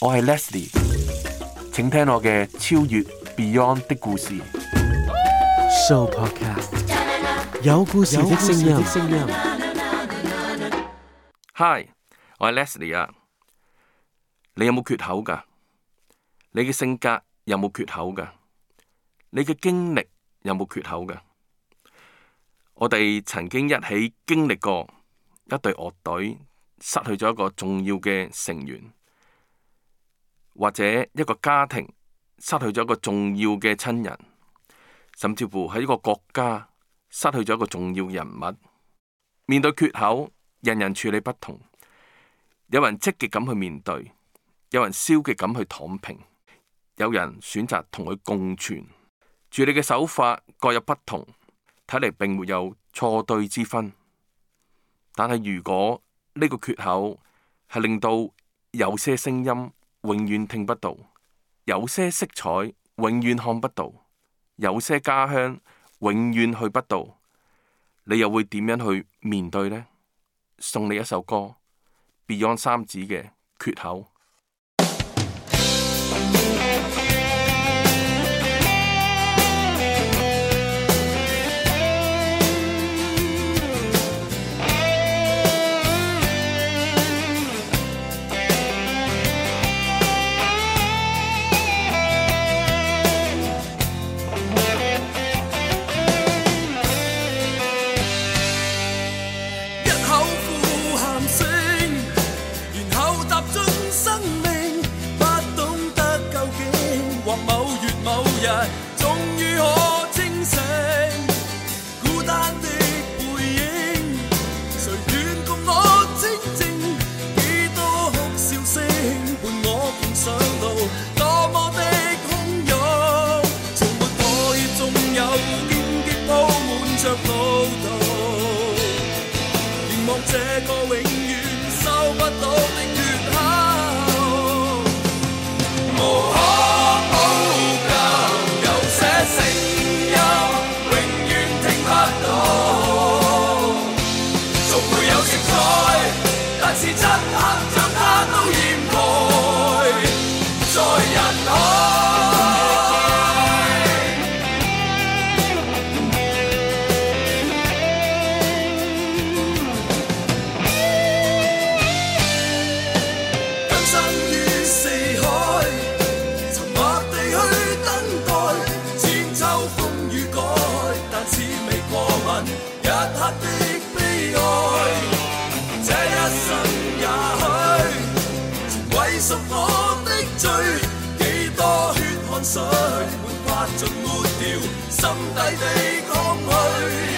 我係 Leslie，請聽我嘅超越 Beyond 的故事。Show podcast 有故事的聲音。Hi，我係 Leslie 啊。你有冇缺口㗎？你嘅性格有冇缺口㗎？你嘅經歷有冇缺口㗎？我哋曾經一起經歷過一隊樂隊失去咗一個重要嘅成員。或者一個家庭失去咗一個重要嘅親人，甚至乎喺一個國家失去咗一個重要人物，面對缺口，人人處理不同。有人積極咁去面對，有人消極咁去躺平，有人選擇同佢共存。處理嘅手法各有不同，睇嚟並沒有錯對之分。但係如果呢個缺口係令到有些聲音，永遠聽不到，有些色彩永遠看不到，有些家鄉永遠去不到，你又會點樣去面對呢？送你一首歌，Beyond 三子嘅缺口。這個永遠收不到的。贖我的罪，幾多血汗水，抹不盡抹掉，心底的抗拒。